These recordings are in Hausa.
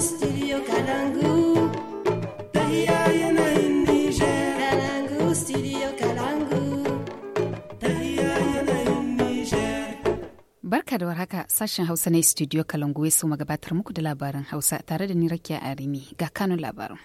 studio Barka da warhaka sashen Hausa na studio Kalangu ya suma gabatar muku da labarin Hausa tare da ni Rakiya Arimi ga kano labarin.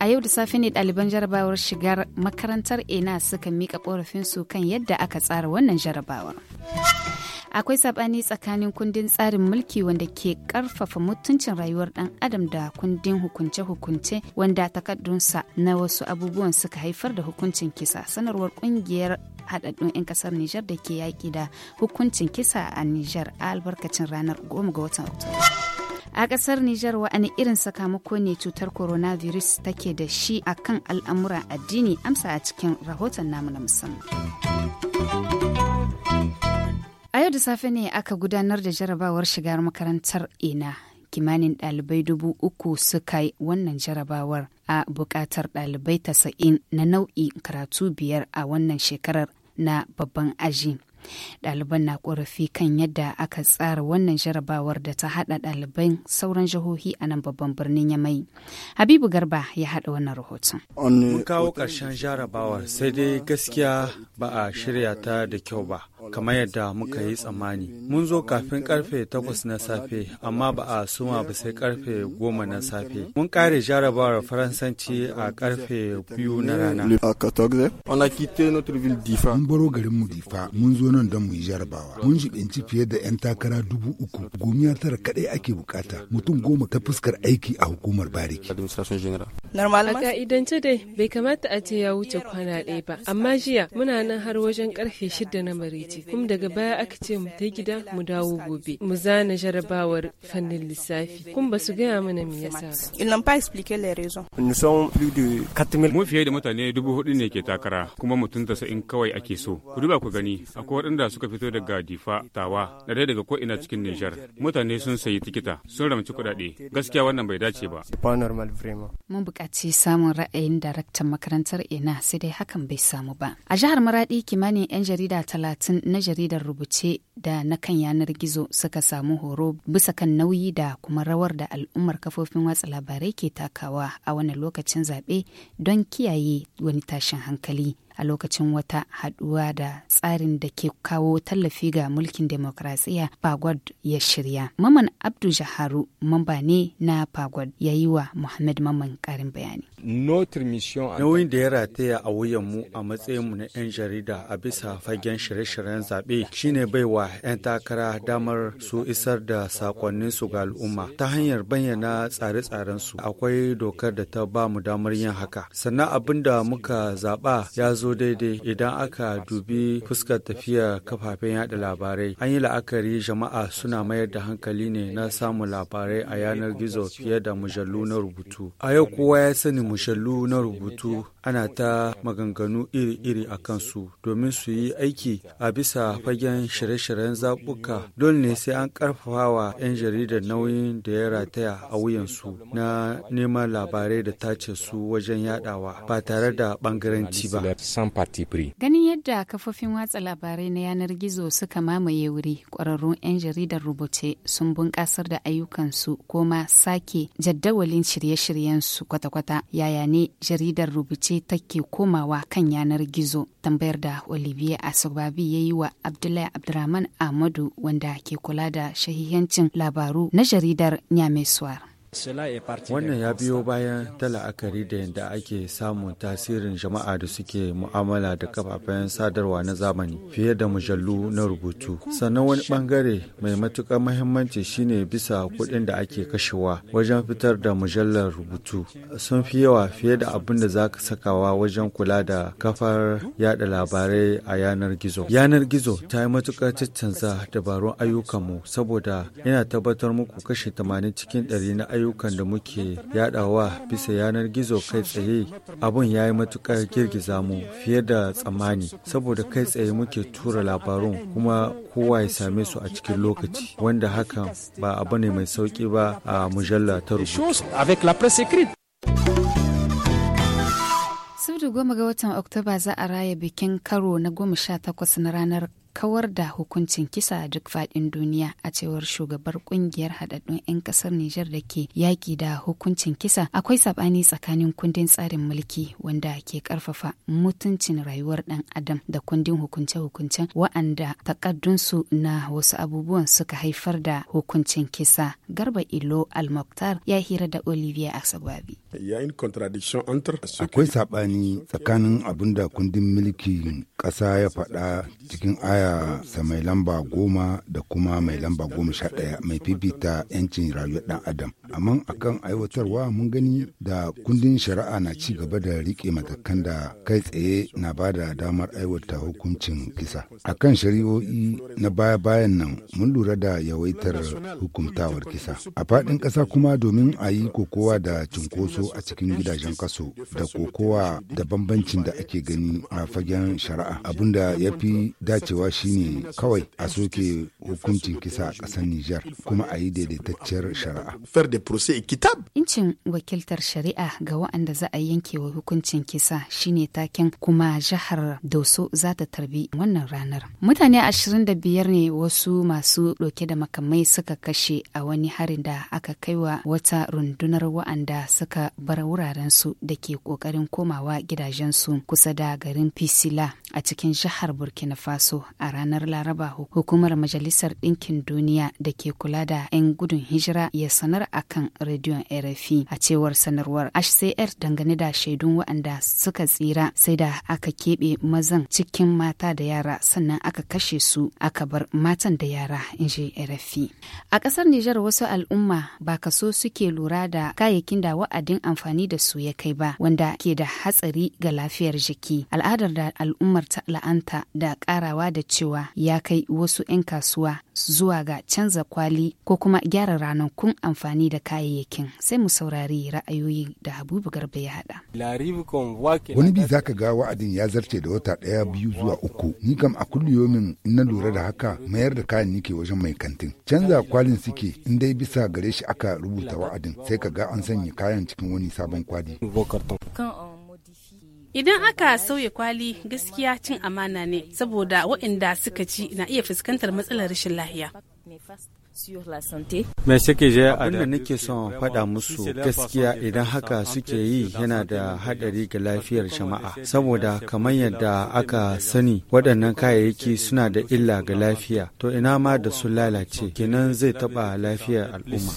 A yau da safe ne ɗaliban jarabawar shigar makarantar ENA suka mika ƙorafinsu kan yadda aka tsara wannan jarabawar. akwai sabani tsakanin kundin tsarin mulki wanda ke karfafa mutuncin rayuwar dan adam da kundin hukunce-hukunce wanda takardunsa na wasu abubuwan suka haifar da hukuncin kisa sanarwar kungiyar haɗaɗɗun 'yan ƙasar Nijar da ke yaƙi da hukuncin kisa a Nijar a albarkacin ranar 10 ga watan Oktoba. a kasar Nijar wa'ani irin sakamako ne cutar coronavirus take da shi a kan al'amuran addini amsa a cikin rahoton namu na musamman. A yau da safe ne aka gudanar da jarabawar shigar makarantar ina. Kimanin ɗalibai dubu uku suka yi wannan jarabawar a buƙatar ɗalibai tasa'in na nau'i karatu biyar a wannan shekarar na babban aji. Ɗaliban na ƙorafi kan yadda aka tsara wannan jarabawar da ta haɗa ɗaliban sauran jihohi a nan babban birnin Yamai. Habibu Garba ya haɗa wannan rahoton. Mun kawo ƙarshen jarabawar sai dai gaskiya ba a shirya ta da kyau ba. kamar yadda muka yi tsammani. Mun zo kafin karfe takwas na safe, amma ba a suma ba sai karfe goma na safe. Mun kare jarabawar Faransanci a karfe biyu na rana. Mun baro garin mu Difa, mun zo nan don mu yi jarabawa. Mun shiɗinci fiye da 'yan takara dubu uku, gomiya tara kaɗai ake bukata, mutum goma ta fuskar aiki a hukumar bariki. normal a ka'idance dai bai kamata a ce ya wuce kwana ɗaya ba amma jiya muna nan har wajen karfe shida na maraice kuma daga baya aka ce mu ta gida mu dawo gobe mu zana jarabawar fannin lissafi kuma ba su gaya mana me yasa ba mu fiye da mutane dubu hudu ne ke takara kuma mutum tasa'in kawai ake so ku duba ku gani akwai waɗanda suka fito daga difa tawa na dai daga ko ina cikin nijar mutane sun sayi tikita sun ramci kuɗaɗe gaskiya wannan bai dace ba mun buƙaci samun ra'ayin daraktan makarantar ina sai dai hakan bai samu ba. A jihar Maradi kimanin 'yan jarida talatin na jaridar rubuce da na kan yanar gizo suka samu horo bisa kan nauyi da kuma rawar da al'ummar kafofin watsa labarai ke takawa a wani lokacin zaɓe don kiyaye wani tashin hankali. a lokacin wata haduwa da tsarin da ke kawo tallafi ga mulkin demokrasiya Pagod ya shirya. Maman Abdu Jaharu mamba ne na Pagod ya yi wa Muhammad Maman karin bayani. Nauyin da ya rataya a wuyanmu a matsayinmu na 'yan jarida a bisa fagen shirye-shiryen zaɓe shine baiwa 'yan takara damar su isar da sakonninsu ga al'umma ta hanyar bayyana tsare-tsarensu. Akwai dokar da ta ba mu damar yin haka. Sannan abin da muka zaɓa ya zo zo daidai idan aka dubi fuskar tafiya kafafen yada labarai. An yi la'akari jama'a suna mayar da hankali ne na samun labarai a yanar gizo fiye da mujallu na rubutu. A yau kowa ya sani mujallu na rubutu ana ta maganganu iri-iri a kansu domin su yi aiki a bisa fagen shirye-shiryen zaɓuka dole ne sai an karfafa wa 'yan jaridar nauyin da ya rataya a wuyansu na neman labarai da tace su wajen yadawa ba tare da ɓangaranci ba. san parti Ganin yadda kafofin watsa labarai na yanar gizo suka mamaye wuri, ƙwararrun 'yan jaridar rubuce sun bunƙasar da ayyukansu ko ma sake jaddawalin shirye-shiryensu kwata-kwata. Yaya ne jaridar rubuce take komawa kan yanar gizo? Tambayar da Olivier Asubabi ya yi wa Abdullahi Abdurrahman Ahmadu wanda ke kula da shahihancin labaru na jaridar Nyameswar. Wannan ya biyo bayan ta la'akari da yadda ake samun tasirin jama'a da suke mu'amala da kafafen sadarwa na zamani fiye da mujallu na rubutu. Sannan wani bangare mai matukar mahimmanci shine bisa kuɗin da ake kashewa wajen fitar da mujallar rubutu. Sun fi yawa fiye da abin da za ka sakawa wajen kula da kafar yada labarai a yanar gizo. Yanar gizo ta yi matukar tattanza dabarun ayyukanmu saboda yana tabbatar muku kashe 80 cikin 100 na ayyukan da muke yadawa bisa yanar gizo kai tsaye abun ya yi matukar girgiza mu fiye da tsammani saboda kai tsaye muke tura labarun kuma kowa ya same su a cikin lokaci wanda hakan ba abu ne mai sauki ba a mujalla ta rubutu. goma ga watan Oktoba za a raya bikin karo na goma sha takwas na ranar kawar da hukuncin kisa a duk faɗin duniya a cewar shugabar kungiyar haɗaɗɗun 'yan ƙasar Nijar da ke yaƙi da hukuncin kisa akwai saɓani tsakanin kundin tsarin mulki wanda ke ƙarfafa mutuncin rayuwar ɗan adam da kundin hukunce-hukuncen wa'anda takaddunsu na wasu abubuwan suka haifar da hukuncin kisa. Garba Ilo Almoktar ya hira da Olivia asabwabi. Akwai saɓani tsakanin abin da kundin mulkin ƙasa ya faɗa cikin aya sa mai lamba goma da kuma mai lamba goma sha ɗaya mai fifita 'yancin rayuwar ɗan adam. Amma akan aiwatarwa mun gani da kundin shari'a na ci gaba da riƙe matakan da kai tsaye na ba da damar aiwata hukuncin kisa. Akan shari'o'i na baya-bayan nan mun lura da yawaitar hukumtawar kisa. A faɗin ƙasa kuma domin a yi kokowa da cunkoso a cikin gidajen kaso da kokowa da bambancin da ake gani a fagen shari'a abinda ya fi dacewa shine kawai a soke hukuncin kisa a ƙasar Nijar kuma a yi daidaitacciyar shari'a. Incin wakiltar shari'a ga waɗanda za a yanke wa hukuncin kisa shine taken kuma jihar Doso za ta tarbi wannan ranar. Mutane ashirin da biyar ne wasu masu ɗauke da makamai suka kashe a wani harin da aka kai wa wata rundunar waɗanda suka bara su da ke ƙoƙarin komawa gidajen su kusa da garin pisila a cikin jihar Burkina Faso a ranar Laraba hukumar Majalisar Ɗinkin Duniya da ke kula da 'yan gudun hijira ya sanar a kan rediyon RFI a cewar sanarwar HCR dangane da shaidun waɗanda suka tsira sai da aka keɓe mazan cikin mata da yara sannan aka kashe su aka bar matan da yara in ji RFI. A ƙasar Nijar wasu al'umma ba kaso suke lura da kayayyakin da wa'adin amfani da su ya kai ba wanda ke da hatsari ga lafiyar jiki al'adar da al'ummar ta la'anta da karawa da cewa ya kai wasu 'yan kasuwa zuwa ga canza kwali ko kuma gyara ranakun amfani da kayayyakin sai mu saurari ra'ayoyi da abubu garba ya haɗa. wani bi zaka ga wa'adin ya zarce da wata ɗaya biyu zuwa uku ni kam a kulliyomin in na lura da haka mayar da kayan nike wajen mai kantin canza kwalin suke in dai bisa gare shi aka rubuta wa'adin sai ka ga an sanya kayan cikin cikin wani sabon kwali. Idan aka sauya kwali gaskiya cin amana ne saboda waɗanda suka ci na iya fuskantar matsalar rashin lahiya. Mai sake je nake son faɗa musu gaskiya idan haka suke yi yana da haɗari ga lafiyar jama'a saboda kamar yadda aka sani waɗannan kayayyaki suna da illa ga lafiya to ina ma da sun lalace kenan zai taɓa lafiyar al'umma.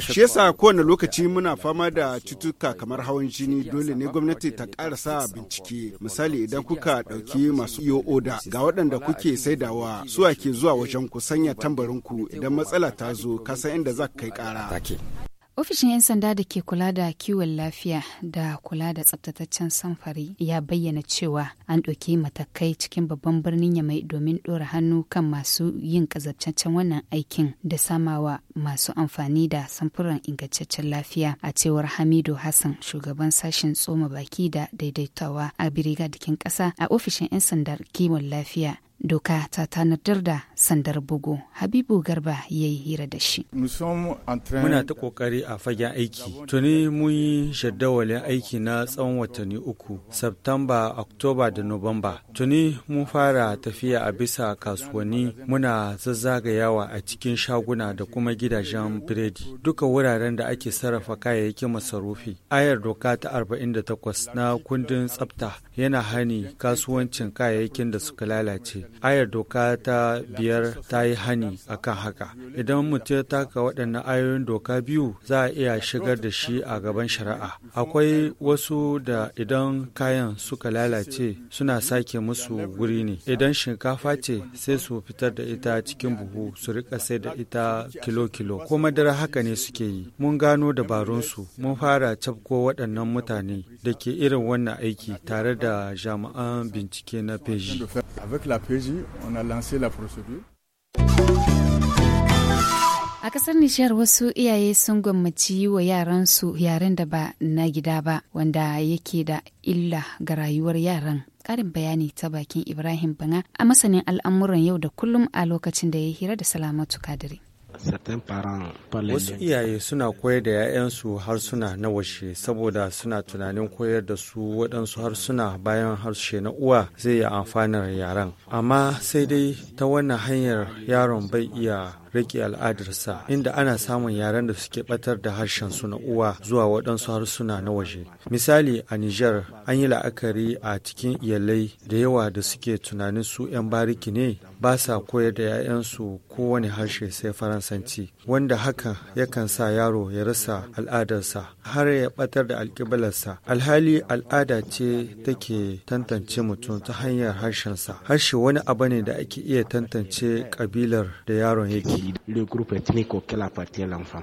Shi yasa kowane lokaci muna fama da cututtuka kamar hawan jini dole ne gwamnati ta ƙarasa bincike misali idan kuka ɗauki masu iyo oda ga waɗanda kuke saidawa suwa ke zuwa wajen kan ku sanya tambarinku idan matsala ta zo kasan inda za kai kara. Ofishin 'yan sanda da ke kula da kiwon lafiya da kula da tsabtataccen samfari ya bayyana cewa an ɗauki matakai cikin babban birnin Yamai domin ɗora hannu kan masu yin ƙazabtaccen wannan aikin da samawa masu amfani da samfuran ingantaccen lafiya a cewar Hamidu Hassan shugaban sashen tsoma baki da daidaitawa a dikin ƙasa a ofishin 'yan sandar kiwon lafiya doka ta tanadar da sandar bugu habibu garba ya yi hira da shi muna ta kokari a fagen aiki tuni mun yi shaddawalin aiki na tsawon watanni uku september oktoba da nuwamba tuni mun fara tafiya a bisa kasuwanni muna zazzagayawa a cikin shaguna da kuma gidajen biredi duka wuraren da ake sarrafa kayayyakin masarufi ayar doka ta 48 na kundin tsafta yana hani kasuwancin kayayyakin da suka lalace ayar doka ta biyar biyar ta yi hani a kan haka idan mutum ya taka waɗannan ayoyin doka biyu za a iya shigar da shi a gaban shari'a akwai wasu da idan kayan suka lalace suna sake musu wuri ne idan shinkafa ce sai su fitar da ita cikin buhu su rika sai da ita kilo-kilo ko madara haka ne suke yi mun gano dabarunsu mun fara cafko waɗannan mutane da ke irin wannan aiki tare da jami'an bincike na peji Avec la PJ, e on a lancé la procédure. A kasar Nishiyar wasu iyaye sun gwammaci yi wa yaransu yaren da ba na gida ba wanda yake da illa ga rayuwar yaran. Karin bayani ta bakin Ibrahim Bana a masanin al'amuran yau da kullum a lokacin da ya hira da Salamatu Kadiri. Wasu iyaye suna koyar da 'ya'yansu harsuna na washe saboda suna tunanin koyar da su waɗansu harsuna bayan harshe na uwa zai yi amfanar yaren. Amma sai dai ta wannan hanyar yaron bai iya rike al'adarsa inda ana samun yaren da suke ɓatar da harshen su na uwa zuwa waɗansu harsuna na waje misali a nijar an yi la'akari a cikin iyalai da yawa da suke tunanin su 'yan bariki ne ba sa koyar da 'ya'yansu kowane harshe sai faransanci wanda hakan yakan sa yaro ya rasa al'adarsa har ya batar da alkibalarsa alhali al'ada ce take tantance mutum ta hanyar harshensa harshe wani abu ne da ake iya tantance ƙabilar da yaron yake le groupe ethnique auquel appartient l'enfant.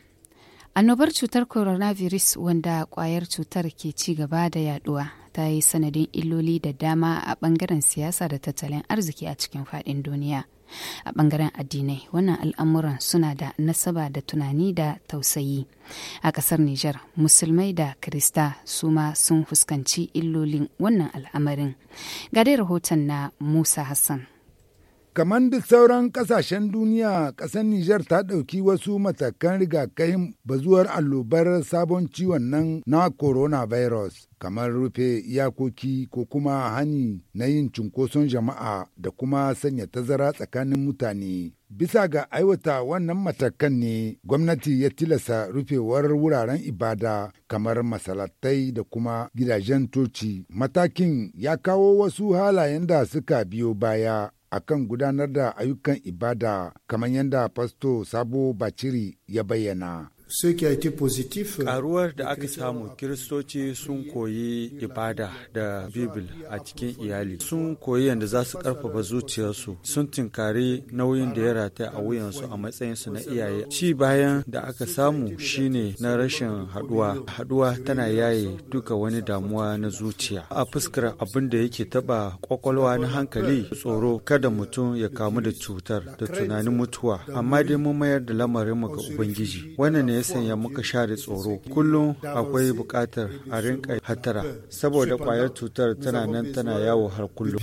Annobar cutar coronavirus wanda kwayar cutar ke ci gaba da yaduwa ta yi sanadin illoli da dama a bangaren siyasa da tattalin arziki a cikin fadin duniya. A bangaren addinai wannan al'amuran suna da nasaba da tunani da tausayi. A kasar Nijar, musulmai da Krista su ma sun fuskanci illolin wannan al'amarin. Ga dai rahoton na Musa Hassan. Kamar duk sauran ƙasashen duniya, ƙasar Nijar ta ɗauki wasu matakan rigakafin bazuwar allobar sabon ciwon nan na coronavirus, kamar rufe iyakoki ko kuma hani na yin cunkoson jama'a da kuma sanya tazara tsakanin mutane. Bisa ga aiwata wannan matakan ne, gwamnati ya tilasta rufewar wuraren ibada kamar masalatai da kuma gidajen toci. Matakin ya kawo wasu halayen da suka biyo baya. akan gudanar da ayyukan ibada kamar yadda fasto sabo baciri ya bayyana. Euh, Karuwar da aka samu Kiristoci sun koyi ibada da Bibil a cikin iyali. Sun koyi yadda za su karfafa zuciyarsu, sun tinkari nauyin da ya rataya a wuyansu a matsayinsu na iyaye. Ci bayan da aka samu shine na rashin haduwa. Haduwa tana yaye duka wani damuwa na zuciya. A fuskar abin da yake taba kwakwalwa na hankali tsoro kada mutum ya kamu da cutar da tunanin mutuwa. Amma dai mun mayar da lamarinmu ga Ubangiji. Wannan ne ya sanya muka share tsoro kullum akwai buƙatar a rinka hatara saboda ƙwayar cutar tana nan tana yawo har kullum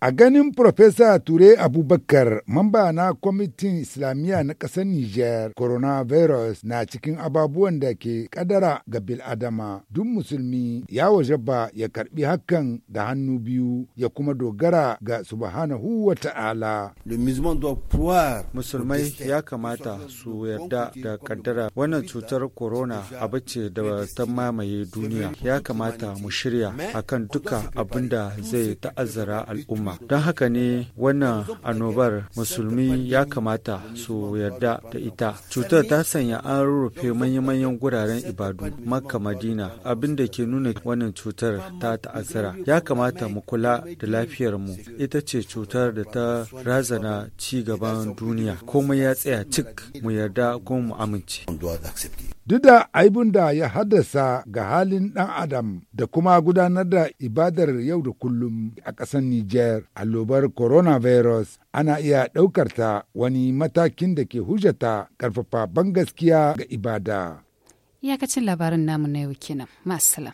a ganin profesa ture abubakar mamba na kwamitin islamiyya na ƙasar niger coronavirus na cikin ababuwan da ke kadara ga bil'adama duk musulmi ya waje ba ya karbi hakan da hannu biyu ya kuma dogara ga subhanahu wa ta'ala musulmai ya kamata su yarda da da kaddara wannan cutar corona abu ce da ta mamaye duniya ya kamata mu shirya akan duka abin da zai ta'azzara al'umma don haka ne wannan annobar musulmi ya kamata su yarda da ita cutar ta sanya an rufe manyan guraren ibadu makka madina abin da ke nuna wannan cutar ta ta'azzara ya kamata mu kula da lafiyar mu ita ce cutar da ta razana ci gaban duniya komai ya tsaya cik mu yarda kuma mu amince. Duk da aibun da ya haddasa ga halin ɗan Adam da kuma gudanar da ibadar yau da kullum a ƙasar Nijar, allobar coronavirus ana iya ɗaukar ta wani matakin da ke hujjata ƙarfafa ban gaskiya ga ibada. Iyakacin labarin namu na yau kenan. Masu